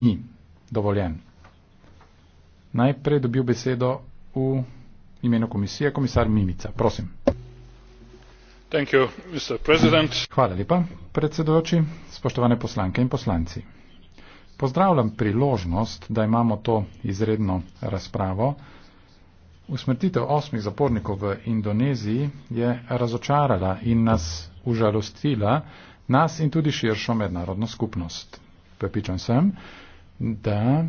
ni dovoljen. Najprej dobil besedo v imenu komisije komisar Mimica. Prosim. Thank you, Mr. President. Hvala lepa, predsedujoči, spoštovane poslanke in poslanci. Pozdravljam priložnost, da imamo to izredno razpravo. Usmrtitev osmih zapornikov v Indoneziji je razočarala in nas užalostila nas in tudi širšo mednarodno skupnost. Prepičan sem, da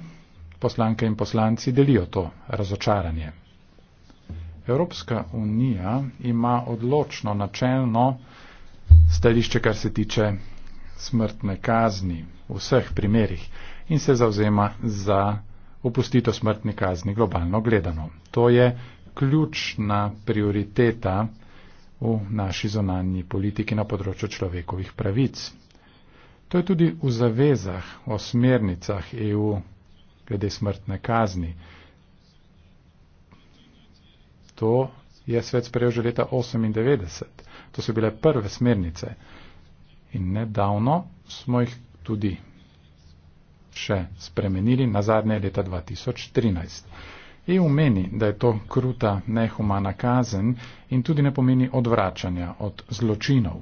poslanke in poslanci delijo to razočaranje. Evropska unija ima odločno načelno stališče, kar se tiče smrtne kazni v vseh primerih in se zavzema za upustito smrtne kazni globalno gledano. To je ključna prioriteta v naši zonanji politiki na področju človekovih pravic. To je tudi v zavezah o smernicah EU glede smrtne kazni. To je svet sprejel že leta 1998. To so bile prve smernice. In nedavno smo jih tudi še spremenili, na zadnje leta 2013. EU meni, da je to kruta, nehumana kazen in tudi ne pomeni odvračanja od zločinov.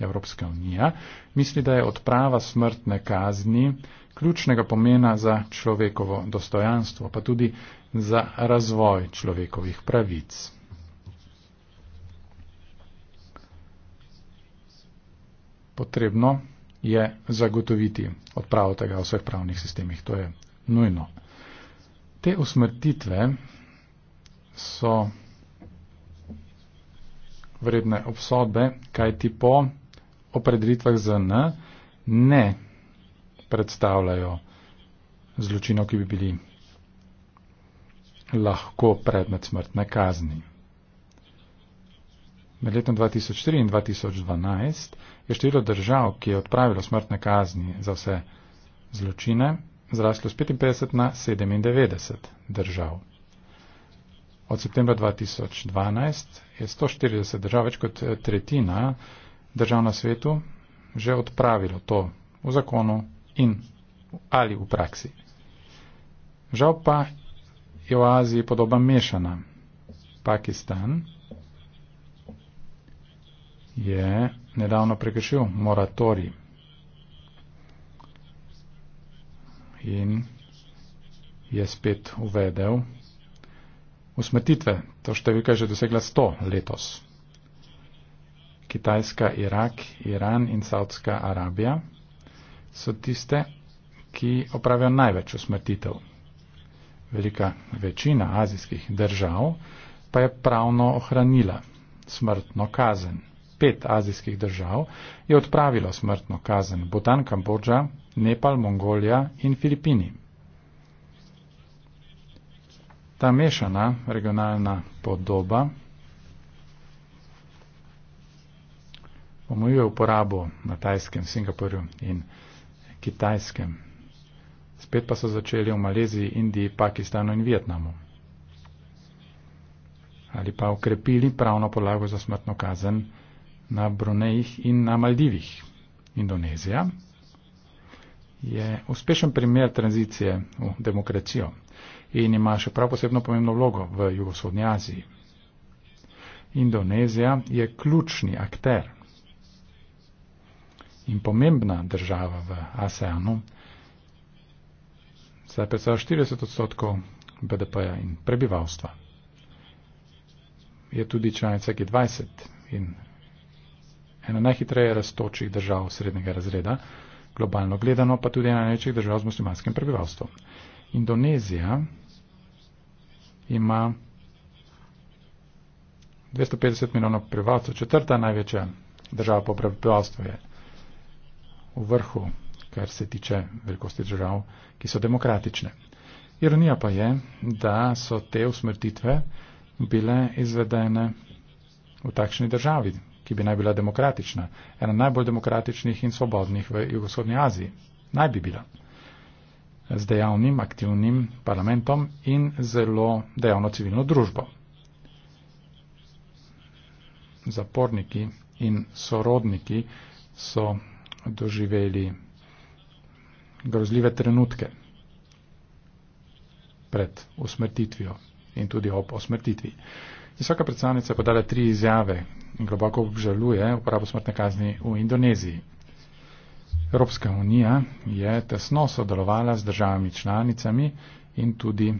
Evropske unije, misli, da je odprava smrtne kazni ključnega pomena za človekovo dostojanstvo, pa tudi za razvoj človekovih pravic. Potrebno je zagotoviti odpravo tega v vseh pravnih sistemih, to je nujno. Te usmrtitve so vredne obsodbe, kaj ti po opredelitvah za N ne predstavljajo zločinov, ki bi bili lahko predmet smrtne kazni. Med letom 2004 in 2012 je število držav, ki je odpravilo smrtne kazni za vse zločine, zraslo z 55 na 97 držav. Od septembra 2012 je 140 držav, več kot tretjina, držav na svetu že odpravilo to v zakonu in ali v praksi. Žal pa je v Aziji podoba mešana. Pakistan je nedavno prekršil moratorij in je spet uvedel usmrtitve. To številka je že dosegla 100 letos. Kitajska, Irak, Iran in Saudska Arabija so tiste, ki opravijo največ usmrtitev. Velika večina azijskih držav pa je pravno ohranila smrtno kazen. Pet azijskih držav je odpravilo smrtno kazen – Bhutan, Kambodža, Nepal, Mongolija in Filipini. Ta mešana regionalna podoba omejuje uporabo na Tajskem, Singapurju in Kitajskem. Spet pa so začeli v Maleziji, Indiji, Pakistanu in Vietnamu. Ali pa ukrepili pravno podlago za smrtno kazen na Brunejih in na Maldivih. Indonezija je uspešen primer tranzicije v demokracijo in ima še prav posebno pomembno vlogo v jugovzhodnji Aziji. Indonezija je ključni akter in pomembna država v ASEANu, saj predstavlja 40 odstotkov BDP-ja in prebivalstva. Je tudi članica G20 in ena najhitreje raztočih držav srednjega razreda, globalno gledano pa tudi ena največjih držav z muslimanskim prebivalstvom. Indonezija ima 250 milijonov prebivalcev, četrta največja država po prebivalstvu je v vrhu, kar se tiče velikosti držav, ki so demokratične. Ironija pa je, da so te usmrtitve bile izvedene v takšni državi, ki bi naj bila demokratična, ena najbolj demokratičnih in svobodnih v Jugoshodni Aziji. Naj bi bila. Z dejavnim, aktivnim parlamentom in zelo dejavno civilno družbo. Zaporniki in sorodniki so doživeli grozljive trenutke pred usmrtitvijo in tudi ob usmrtitvi. Visoka predstavnica je podala tri izjave in globoko obžaluje uporabo smrtne kazni v Indoneziji. Evropska unija je tesno sodelovala z državami članicami in tudi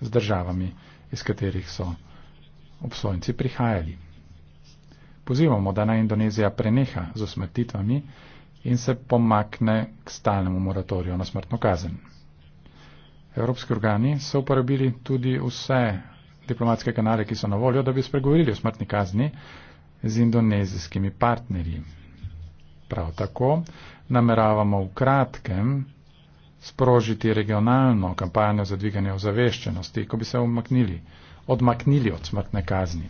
z državami, iz katerih so obsojenci prihajali pozivamo, da naj Indonezija preneha z usmrtitvami in se pomakne k stalnemu moratoriju na smrtno kazen. Evropski organi so uporabili tudi vse diplomatske kanale, ki so na voljo, da bi spregovorili o smrtni kazni z indonezijskimi partnerji. Prav tako nameravamo v kratkem sprožiti regionalno kampanjo za dviganje ozaveščenosti, ko bi se odmaknili od smrtne kazni.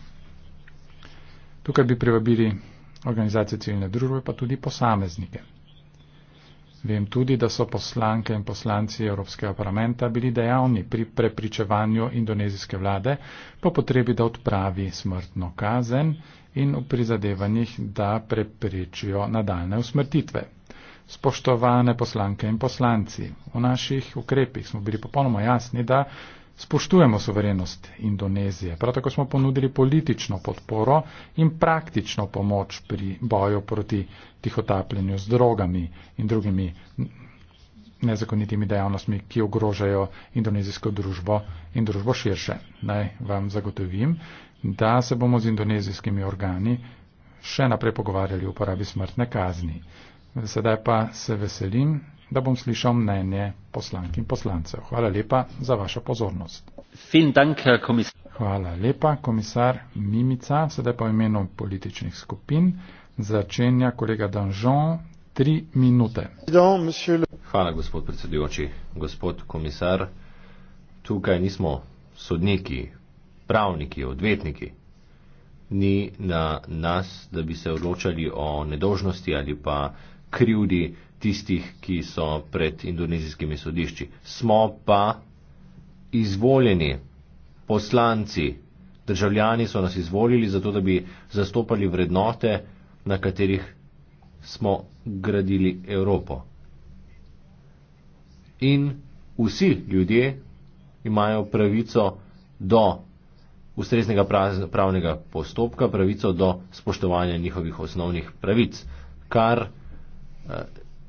Tukaj bi privabili organizacije civilne družbe, pa tudi posameznike. Vem tudi, da so poslanke in poslanci Evropskega parlamenta bili dejavni pri prepričevanju indonezijske vlade po potrebi, da odpravi smrtno kazen in v prizadevanjih, da preprečijo nadaljne usmrtitve. Spoštovane poslanke in poslanci, v naših ukrepih smo bili popolnoma jasni, da Spoštujemo soverenost Indonezije. Prav tako smo ponudili politično podporo in praktično pomoč pri boju proti tihotapljenju z drogami in drugimi nezakonitimi dejavnostmi, ki ogrožajo indonezijsko družbo in družbo širše. Naj vam zagotovim, da se bomo z indonezijskimi organi še naprej pogovarjali o uporabi smrtne kazni. Sedaj pa se veselim da bom slišal mnenje poslank in poslancev. Hvala lepa za vašo pozornost. Dank, Hvala lepa, komisar Mimica. Sedaj pa v imenu političnih skupin začenja kolega Danžon. Tri minute. Hvala, gospod predsedujoči. Gospod komisar, tukaj nismo sodniki, pravniki, odvetniki. Ni na nas, da bi se odločali o nedožnosti ali pa krivdi tistih, ki so pred indonezijskimi sodišči. Smo pa izvoljeni poslanci, državljani so nas izvolili zato, da bi zastopali vrednote, na katerih smo gradili Evropo. In vsi ljudje imajo pravico do ustreznega pravnega postopka, pravico do spoštovanja njihovih osnovnih pravic, kar eh,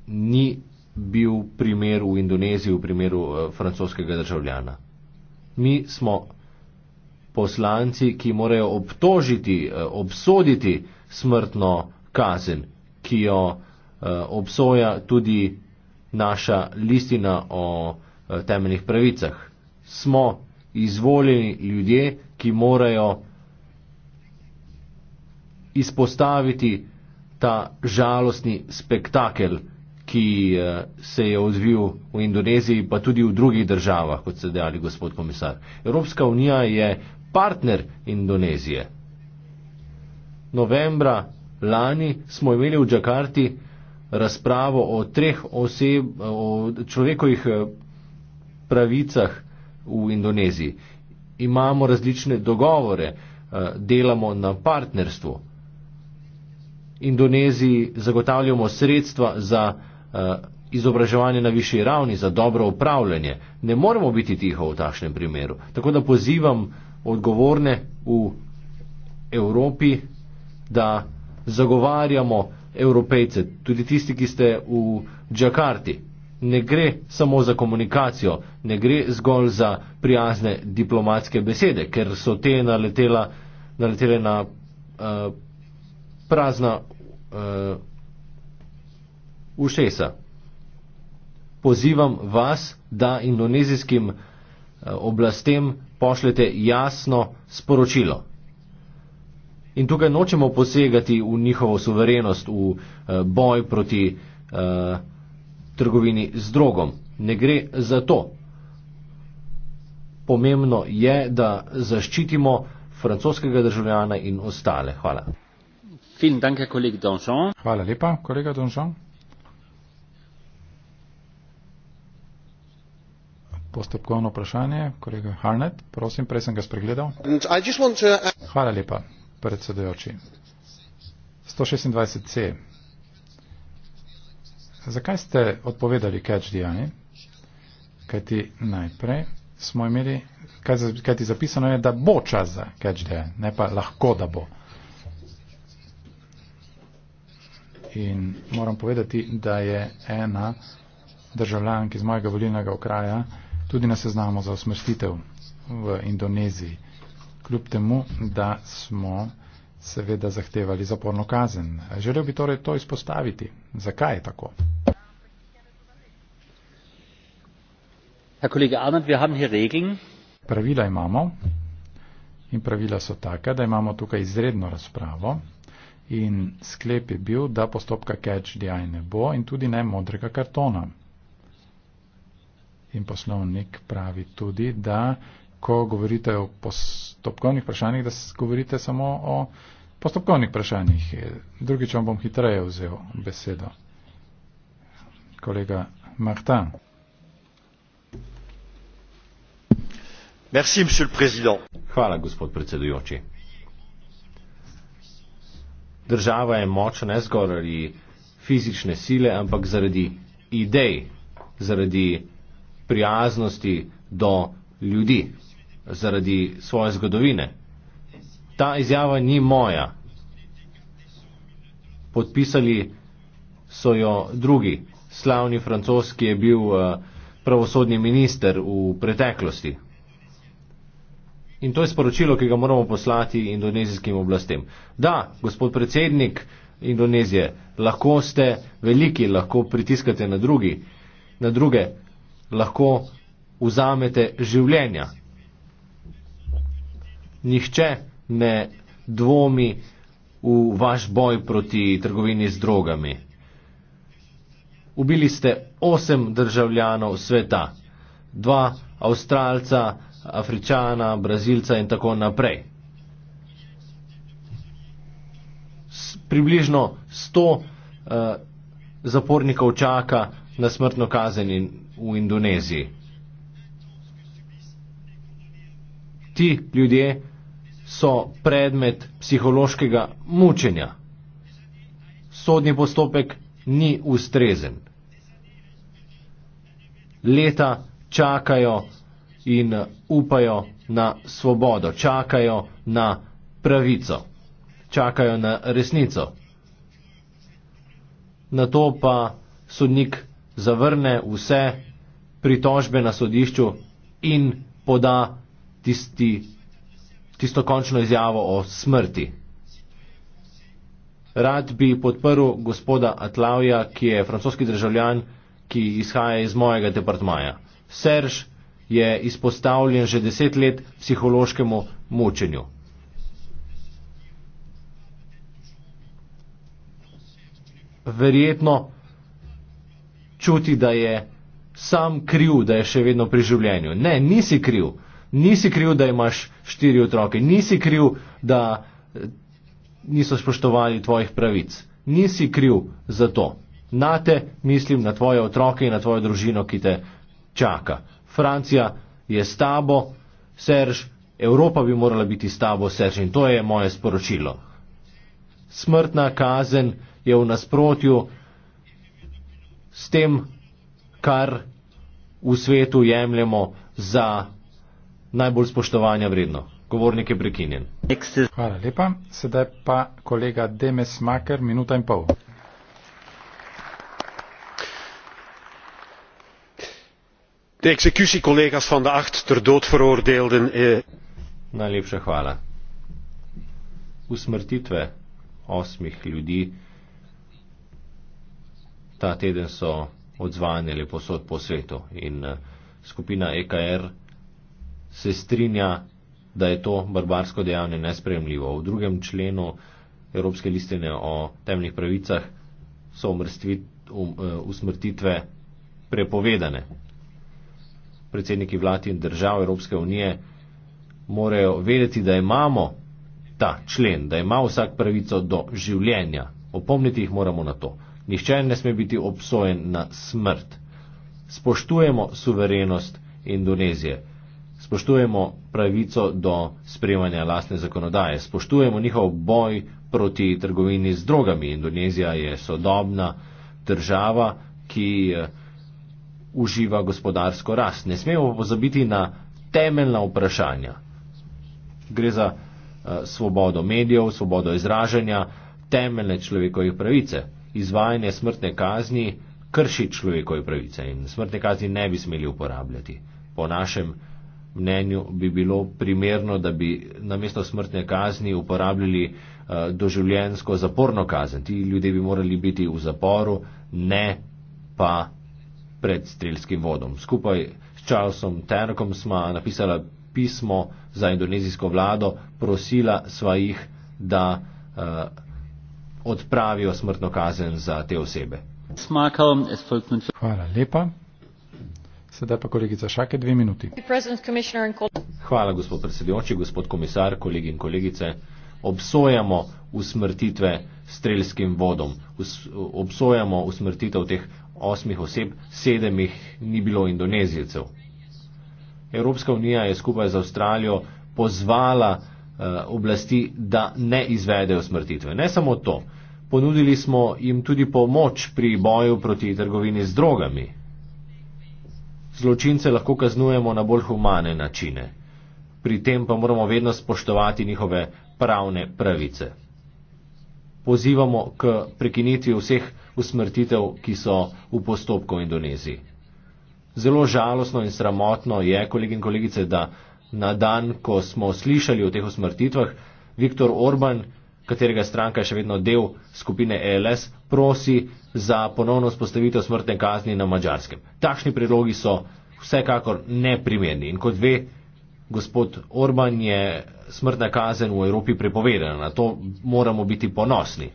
ni bil primer v Indoneziji, v primeru eh, francoskega državljana. Mi smo poslanci, ki morajo obtožiti, eh, obsoditi smrtno kazen, ki jo eh, obsoja tudi naša listina o temeljnih pravicah. Smo izvoljeni ljudje, ki morajo izpostaviti ta žalostni spektakel, ki eh, se je odvil v Indoneziji, pa tudi v drugih državah, kot ste dejali, gospod komisar. Evropska unija je partner Indonezije. Novembra lani smo imeli v Džakarti razpravo o treh oseb, o človekovih eh, pravicah v Indoneziji. Imamo različne dogovore, eh, delamo na partnerstvu. Indoneziji zagotavljamo sredstva za Eh, izobraževanje na višji ravni, za dobro upravljanje. Ne moremo biti tiho v takšnem primeru. Tako da pozivam odgovorne v Evropi, da zagovarjamo evropejce, tudi tisti, ki ste v Džakarti. Ne gre samo za komunikacijo, ne gre zgolj za prijazne diplomatske besede, ker so te naletela, naletele na uh, prazna uh, ušesa. Pozivam vas, da indonezijskim eh, oblastem pošljete jasno sporočilo. In tukaj nočemo posegati v njihovo suverenost, v eh, boj proti uh, trgovini z drogom. Ne gre za to. Pomembno je, da zaščitimo francoskega državljana in ostale. Hvala. Hvala lepa, kolega Donžon. postopkovno vprašanje. Kolega Harnet, prosim, prej sem ga spregledal. Uh, Hvala lepa, predsedujoči. 126c. Zakaj ste odpovedali catch dejanje? Kajti najprej smo imeli, kajti zapisano je, da bo čas za catch dejanje, ne pa lahko, da bo. In moram povedati, da je ena državljanka iz mojega volilnega okraja tudi na seznamu za usmrtitev v Indoneziji. Kljub temu, da smo seveda zahtevali zaporno kazen. Želel bi torej to izpostaviti. Zakaj je tako? Pravila imamo in pravila so taka, da imamo tukaj izredno razpravo in sklep je bil, da postopka catch the eye ne bo in tudi ne modrega kartona in poslovnik pravi tudi, da ko govorite o postopkovnih vprašanjih, da govorite samo o postopkovnih vprašanjih. Drugič vam bom hitreje vzel besedo. Kolega Marta. Merci, monsieur le président. Hvala, gospod predsedujoči. Država je močna ne zgolj zaradi fizične sile, ampak zaradi idej, zaradi prijaznosti do ljudi zaradi svoje zgodovine. Ta izjava ni moja. Podpisali so jo drugi. Slavni francoski je bil eh, pravosodni minister v preteklosti. In to je sporočilo, ki ga moramo poslati indonezijskim oblastem. Da, gospod predsednik Indonezije, lahko ste veliki, lahko pritiskate na, drugi, na druge, lahko vzamete življenja. Nihče ne dvomi v vaš boj proti trgovini z drogami. Ubili ste osem državljanov sveta, dva Avstralca, Afričana, Brazilca in tako naprej. S približno sto uh, zapornikov čaka na smrtno kazen in v Indoneziji. Ti ljudje so predmet psihološkega mučenja. Sodni postopek ni ustrezen. Leta čakajo in upajo na svobodo, čakajo na pravico, čakajo na resnico. Na to pa sodnik zavrne vse pritožbe na sodišču in poda tisti, tisto končno izjavo o smrti. Rad bi podprl gospoda Atlauja, ki je francoski državljan, ki izhaja iz mojega departmaja. Serž je izpostavljen že deset let psihološkemu mučenju. Verjetno čuti, da je sam kriv, da je še vedno pri življenju. Ne, nisi kriv. Nisi kriv, da imaš štiri otroke. Nisi kriv, da eh, niso spoštovali tvojih pravic. Nisi kriv za to. Na te mislim, na tvoje otroke in na tvojo družino, ki te čaka. Francija je s tabo, Serž, Evropa bi morala biti s tabo, Serž, in to je moje sporočilo. Smrtna kazen je v nasprotju s tem, kar v svetu jemljemo za najbolj spoštovanja vredno. Govornik je prekinjen. Hvala lepa. Sedaj pa kolega Demes Maker, minuta in pol. De executie, collega's van de acht ter dood veroordeelden. Eh. Najlepša hvala. Usmrtitve osmih ljudi ta teden so odzvanjali posod po svetu. In eh, skupina EKR se strinja, da je to barbarsko dejanje nespremljivo. V drugem členu Evropske listine o temnih pravicah so um, eh, usmrtitve prepovedane. Predsedniki vlad in držav Evropske unije morajo vedeti, da imamo ta člen, da ima vsak pravico do življenja. Opomniti jih moramo na to. Nihče ne sme biti obsojen na smrt. Spoštujemo suverenost Indonezije, spoštujemo pravico do sprejemanja lastne zakonodaje, spoštujemo njihov boj proti trgovini z drogami. Indonezija je sodobna država, ki eh, uživa gospodarsko rast. Ne smemo pozabiti na temeljna vprašanja. Gre za eh, svobodo medijev, svobodo izražanja, temeljne človekovih pravice izvajanje smrtne kazni krši človekove pravice in smrtne kazni ne bi smeli uporabljati. Po našem mnenju bi bilo primerno, da bi namesto smrtne kazni uporabljali uh, eh, doživljensko zaporno kazen. Ti ljudje bi morali biti v zaporu, ne pa pred strelskim vodom. Skupaj s Charlesom Terkom smo napisali pismo za indonezijsko vlado, prosila sva jih, da uh, odpravijo smrtno kazen za te osebe. Hvala lepa. Sedaj pa kolegica Šake, dve minuti. Hvala, gospod predsedujoči, gospod komisar, kolegi in kolegice. Obsojamo usmrtitve strelskim vodom, Us, obsojamo usmrtitev teh osmih oseb, sedemih ni bilo indonezijcev. Evropska unija je skupaj z Avstralijo pozvala uh, oblasti, da ne izvedejo usmrtitve. Ne samo to ponudili smo jim tudi pomoč pri boju proti trgovini z drogami. Zločince lahko kaznujemo na bolj humane načine, pri tem pa moramo vedno spoštovati njihove pravne pravice. Pozivamo k prekinitvi vseh usmrtitev, ki so v postopku v Indoneziji. Zelo žalostno in sramotno je, kolegi in kolegice, da na dan, ko smo slišali o teh usmrtitvah, Viktor Orban katerega stranka je še vedno del skupine ELS, prosi za ponovno spostavitev smrtne kazni na Mačarskem. Takšni predlogi so vsekakor neprimerni in kot ve gospod Orban je smrtna kazen v Evropi prepovedana. Na to moramo biti ponosni.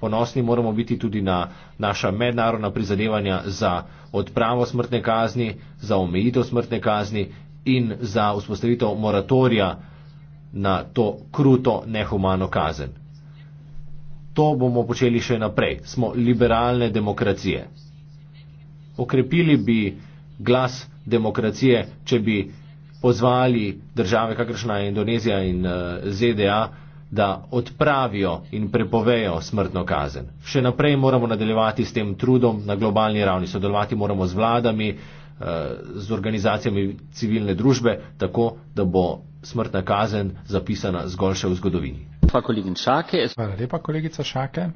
Ponosni moramo biti tudi na naša mednarodna prizadevanja za odpravo smrtne kazni, za omejitev smrtne kazni in za vzpostavitev moratorija na to kruto, nehumano kazen to bomo počeli še naprej. Smo liberalne demokracije. Okrepili bi glas demokracije, če bi pozvali države, kakršna je Indonezija in eh, ZDA, da odpravijo in prepovejo smrtno kazen. Še naprej moramo nadaljevati s tem trudom na globalni ravni, sodelovati moramo z vladami, eh, z organizacijami civilne družbe, tako da bo smrtna kazen zapisana zgolj še v zgodovini. Hvala lepa, kolegica Šake.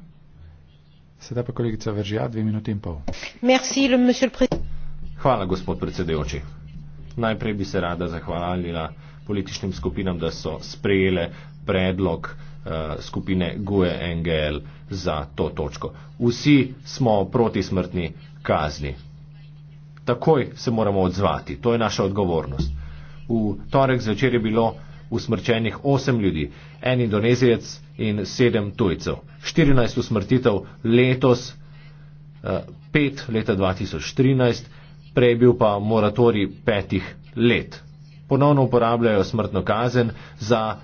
Sedaj pa kolegica Veržija, dve minuti in pol. Hvala, gospod predsedujoči. Najprej bi se rada zahvalila političnim skupinam, da so sprejele predlog uh, skupine GUE NGL za to točko. Vsi smo proti smrtni kazni. Takoj se moramo odzvati, to je naša odgovornost. V torek zvečer je bilo usmrčenih 8 ljudi, en indonezijec in 7 tujcev. 14 usmrtitev letos, 5 eh, leta 2013, prej je bil pa moratori 5 let. Ponovno uporabljajo smrtno kazen za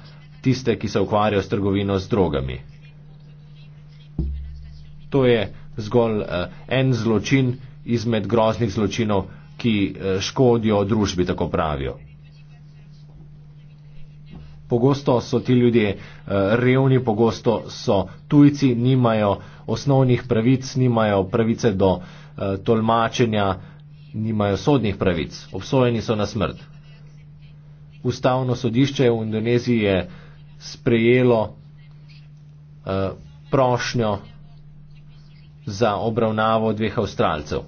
tiste, ki se ukvarjajo s trgovino z drogami. To je zgolj eh, en zločin izmed groznih zločinov, ki eh, škodijo družbi, tako pravijo pogosto so ti ljudje eh, revni, pogosto so tujci, nimajo osnovnih pravic, nimajo pravice do eh, tolmačenja, nimajo sodnih pravic, obsojeni so na smrt. Ustavno sodišče v Indoneziji je sprejelo eh, prošnjo za obravnavo dveh avstralcev.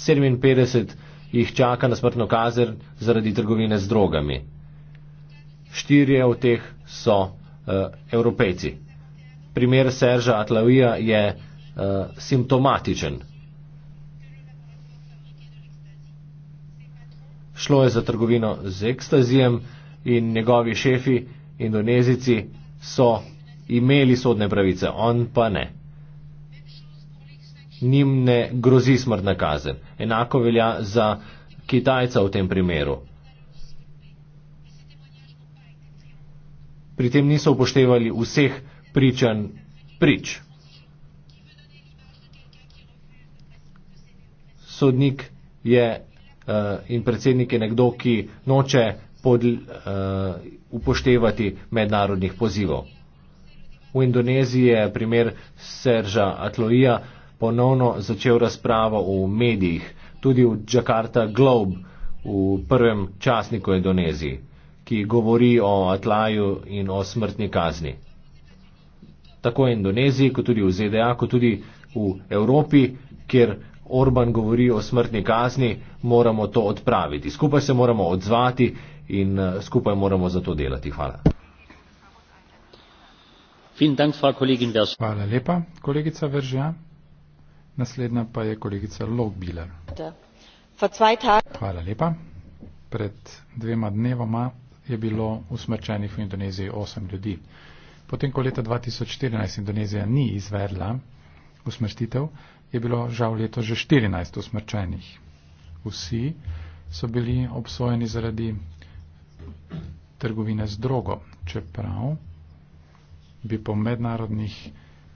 57 jih čaka na smrtno kazen zaradi trgovine z drogami štirje od teh so uh, evropejci. Primer Serža Atlavija je uh, simptomatičen. Šlo je za trgovino z ekstazijem in njegovi šefi, indonezici, so imeli sodne pravice, on pa ne. Nim ne grozi smrtna kazen. Enako velja za Kitajca v tem primeru. pri tem niso upoštevali vseh pričan prič. Sodnik je uh, in predsednik je nekdo, ki noče pod, uh, upoštevati mednarodnih pozivov. V Indoneziji je primer Serža Atloija ponovno začel razpravo v medijih, tudi v Jakarta Globe, v prvem časniku Indoneziji ki govori o atlaju in o smrtni kazni. Tako v Indoneziji, kot tudi v ZDA, kot tudi v Evropi, kjer Orban govori o smrtni kazni, moramo to odpraviti. Skupaj se moramo odzvati in skupaj moramo za to delati. Hvala. Hvala lepa, kolegica Veržja. Naslednja pa je kolegica Logbiler. Hvala lepa. Pred dvema dnevoma je bilo usmrčenih v Indoneziji 8 ljudi. Potem, ko leta 2014 Indonezija ni izvedla usmrtitev, je bilo žal leto že 14 usmrčenih. Vsi so bili obsojeni zaradi trgovine z drogo, čeprav bi po mednarodnih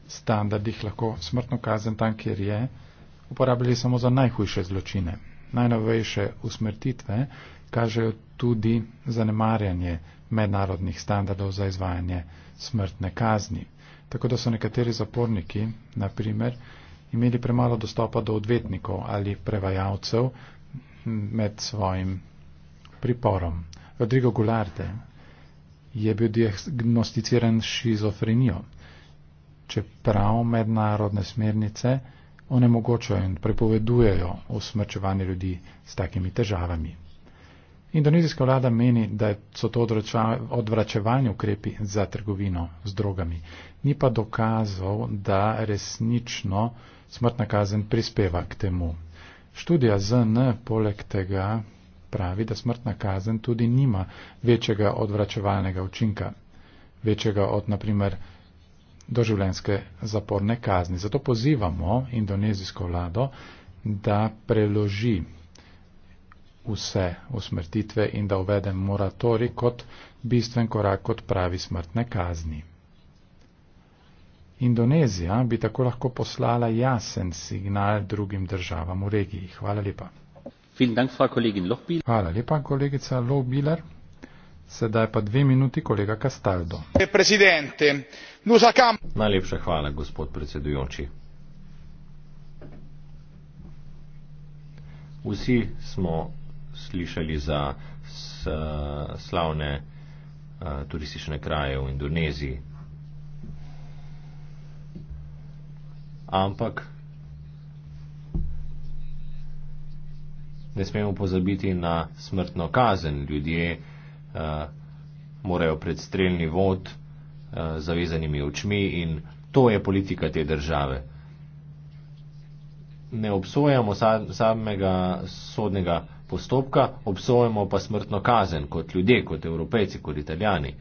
standardih lahko smrtno kazen tam, kjer je, uporabili samo za najhujše zločine najnovejše usmrtitve kažejo tudi zanemarjanje mednarodnih standardov za izvajanje smrtne kazni. Tako da so nekateri zaporniki, naprimer, imeli premalo dostopa do odvetnikov ali prevajalcev med svojim priporom. Rodrigo Gularte je bil diagnosticiran s šizofrenijo, čeprav mednarodne smernice onemogočajo in prepovedujejo usmrčevanje ljudi s takimi težavami. Indonezijska vlada meni, da so to odvračevalni ukrepi za trgovino z drogami. Ni pa dokazov, da resnično smrtna kazen prispeva k temu. Študija ZN poleg tega pravi, da smrtna kazen tudi nima večjega odvračevalnega učinka, večjega od naprimer doživljenske zaporne kazni. Zato pozivamo indonezijsko vlado, da preloži vse usmrtitve in da uvede moratori kot bistven korak kot pravi smrtne kazni. Indonezija bi tako lahko poslala jasen signal drugim državam v regiji. Hvala lepa. Hvala lepa, kolegica Lohbiler. Sedaj pa dve minuti kolega Castaldo. Eh, Najlepša hvala, gospod predsedujoči. Vsi smo slišali za slavne eh, turistične kraje v Indoneziji. Ampak ne smemo pozabiti na smrtno kazen ljudi uh, morajo pred streljni vod uh, zavezanimi očmi in to je politika te države. Ne obsojamo samega sodnega postopka, obsojamo pa smrtno kazen kot ljudje, kot evropejci, kot italijani.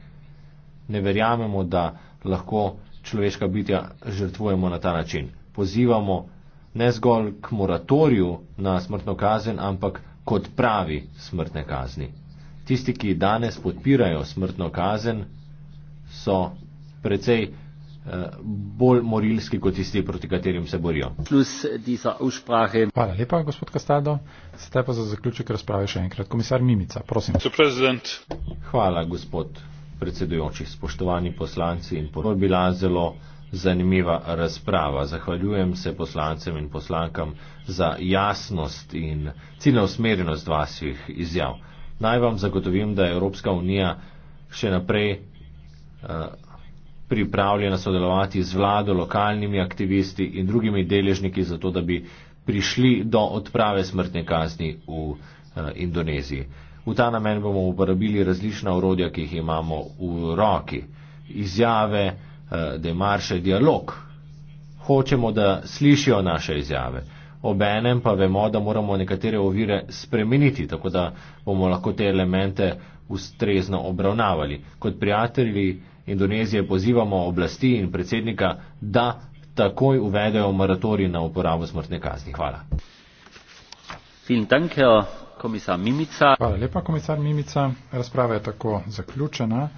Ne verjamemo, da lahko človeška bitja žrtvujemo na ta način. Pozivamo ne zgolj k moratoriju na smrtno kazen, ampak kot pravi smrtne kazni. Tisti, ki danes podpirajo smrtno kazen, so precej eh, bolj morilski kot tisti, proti katerim se borijo. Hvala lepa, gospod Kastado. Sedaj pa za zaključek razprave še enkrat. Komisar Mimica, prosim. Hvala, gospod predsedujoči. Spoštovani poslanci in podobno. Bila zelo zanimiva razprava. Zahvaljujem se poslancem in poslankam za jasnost in ciljno usmerjenost vaših izjav. Naj vam zagotovim, da je Evropska unija še naprej uh, pripravljena sodelovati z vlado, lokalnimi aktivisti in drugimi deležniki za to, da bi prišli do odprave smrtne kazni v uh, Indoneziji. V ta namen bomo uporabili različna urodja, ki jih imamo v roki. Izjave, uh, eh, da je marše dialog. Hočemo, da slišijo naše izjave obenem pa vemo, da moramo nekatere ovire spremeniti, tako da bomo lahko te elemente ustrezno obravnavali. Kot prijatelji Indonezije pozivamo oblasti in predsednika, da takoj uvedejo moratori na uporabo smrtne kazni. Hvala. Hvala lepa, komisar Mimica. Razprava je tako zaključena.